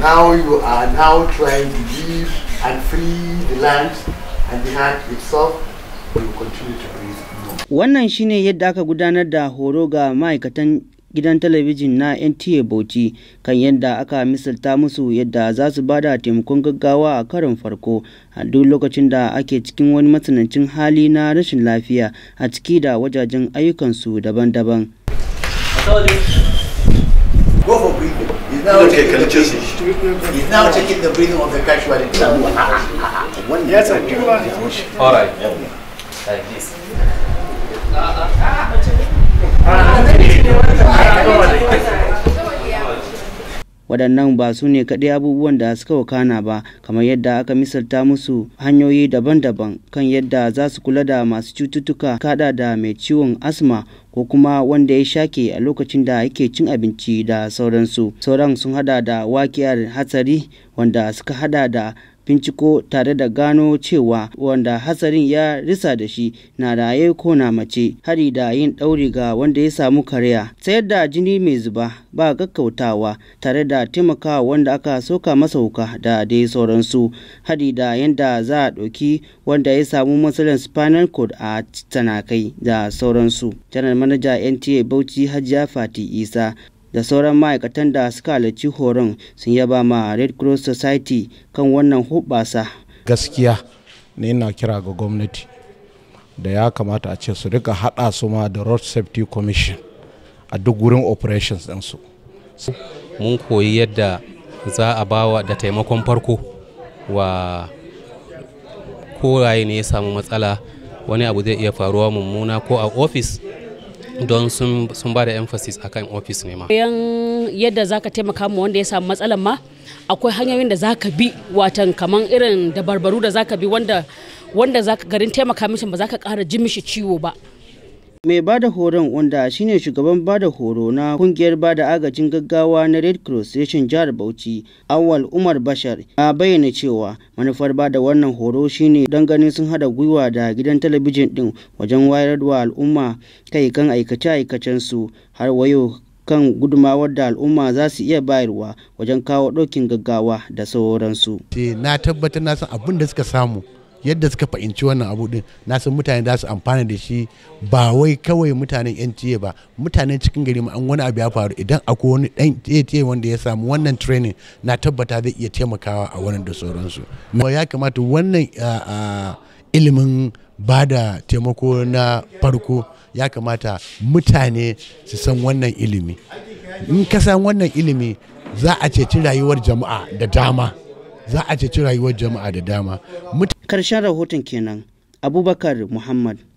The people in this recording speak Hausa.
now you are now trying to leave and free the land and the land itself will continue to breathe. Wannan shine yadda aka gudanar da horo ga ma'aikatan gidan talabijin na NTA Bauchi kan yadda aka misalta musu yadda za su ba da taimakon gaggawa a karin farko a duk lokacin da ake cikin wani matsanancin hali na rashin lafiya a ciki da wajajen ayyukansu daban-daban. Look at religious He's now taking the breathing of the casualty. yes, I do. All right. Like this. waɗannan ba su ne kaɗai abubuwan da suka wakana ba kamar yadda aka misalta musu hanyoyi daban-daban kan yadda za su kula da masu cututtuka kada da mai ciwon asma ko kuma wanda ya shake a lokacin da yake cin abinci da sauransu sauran sun hada da wakiyar hatsari wanda suka hada da binciko tare da gano cewa wanda hatsarin ya risa da shi na raye ko na mace hari da yin ɗauri ga wanda ya samu kariya sayar da jini mai zuba ba gaggautawa tare da taimakawa wanda aka soka masa wuka da dai sauransu hari da yadda za a ɗauki wanda ya samu matsalar spinal cord a tanakai da sauransu janar manaja nta bauchi hajiya fati isa da sauran ma'aikatan da suka halarci horon sun yaba ma red cross society kan wannan hubbasa gaskiya ne na kira ga gwamnati da ya kamata a ce su rika hada su ma da road safety commission a duk wurin operations ɗinsu mun koyi yadda za a bawa da taimakon farko wa koraye ne ya samu matsala wani abu zai iya faruwa mummuna ko a ofis don sun ba da emphasis kan ofis ne ma yadda za ka taimaka mu wanda ya samu matsalan ma akwai hanyoyin da za ka bi watan kaman irin dabarbaru da za ka bi wanda za ka garin taimaka mishi ba za ka ƙara ji mishi ciwo ba mai bada horon wanda shine shugaban bada horo na kungiyar bada agajin gaggawa na red cross reshen jihar bauchi awal umar bashar a bayyana cewa manufar bada wannan horo shine don ganin sun hada gwiwa da gidan talabijin din wajen wayar wa al'umma kai kan aikace-aikacen su har wayo kan gudumawar da al'umma za su iya bayarwa wajen kawo ɗaukin gaggawa da sauransu. Eh, na tabbatar na san abin da suka samu yadda suka fahimci wannan abu din na san mutane za su amfana da shi ba wai kawai mutanen yan tiye ba mutanen cikin gari an wani abu ya faru idan akwai wani dan tiye wanda ya samu wannan training na tabbata zai iya taimakawa a wannan da sauransu ya kamata wannan ilimin ba da taimako na farko ya kamata mutane su san wannan ilimi in ka san wannan ilimi za a ceci rayuwar jama'a da dama za a ceci rayuwar jama'a da dama. Karshen rahoton kenan Abubakar Muhammad.